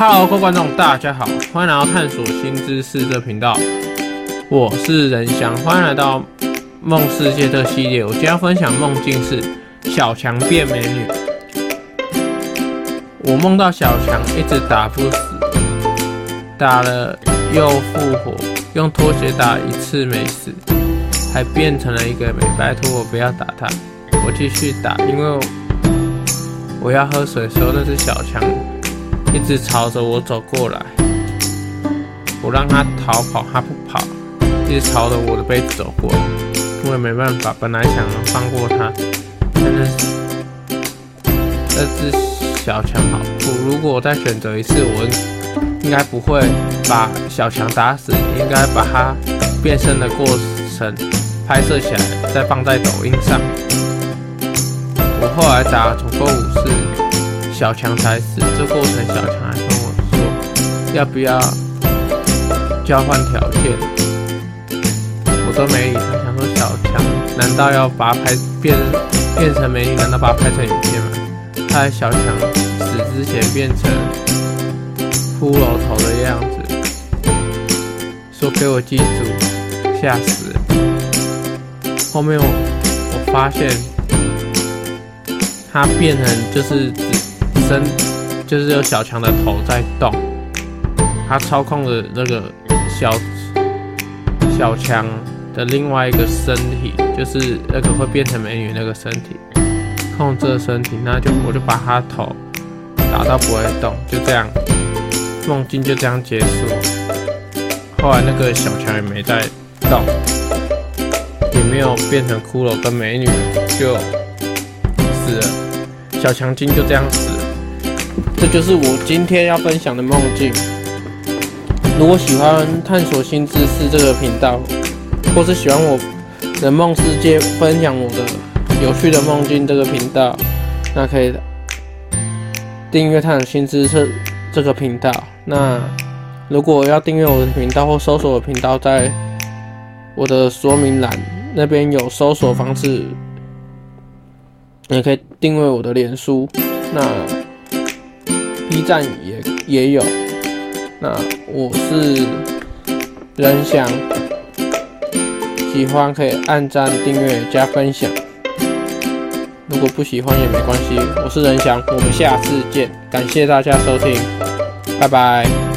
哈嘍各位觀眾，大家好，歡迎來到探索新知識的頻道。我是仁翔，歡迎來到夢世界這系列。我今天分享的夢境是小強變美女。我夢到小強一直打不死，打了又復活，用拖鞋打一次沒死，還變成了一個美白拖。我不要打他，我繼續打，因為我，我要喝水的時候，那是小強。一直朝着我走過來，我讓他逃跑，他不跑，一直朝着我的杯子走過來，我也沒辦法。本來想放過他，但是，這只小強跑酷。如果我再選擇一次，我應該不會把小強打死，應該把他變身的過程拍攝起來，再放在抖音上。我後來打了總共五次。小強才死。這過程小強還跟我說要不要交換條件，我都沒理他，想說小強難道要把拍變變成美女？難道把拍成影片嗎？他在小強死之前變成骷髏頭的樣子，說給我記住，嚇死了。後面我我發現他變成就是。身就是有小強的頭在動，他操控着那個小小強的另外一個身體，就是那個會變成美女那個身體，控制身體，那就我就把他頭打到不會動，就這樣、嗯、夢境就這樣結束。後來那個小強也沒再動，也沒有變成骷髏跟美女了，就死了，小強精就這樣死了。這就是我今天要分享的夢境。如果喜歡探索新知識這個頻道，或是喜歡我的夢世界分享我的有趣的夢境這個頻道，那可以訂閱探索新知識這個頻道。那如果要訂閱我的頻道或搜索我的頻道，在我的說明欄那邊有搜索方式。也可以訂閱我的臉書。那。B 站也也有，那我是仁翔，喜歡可以按讚、訂閱、加分享，如果不喜歡也沒關係，我是仁翔，我們下次見，感謝大家收聽，拜拜。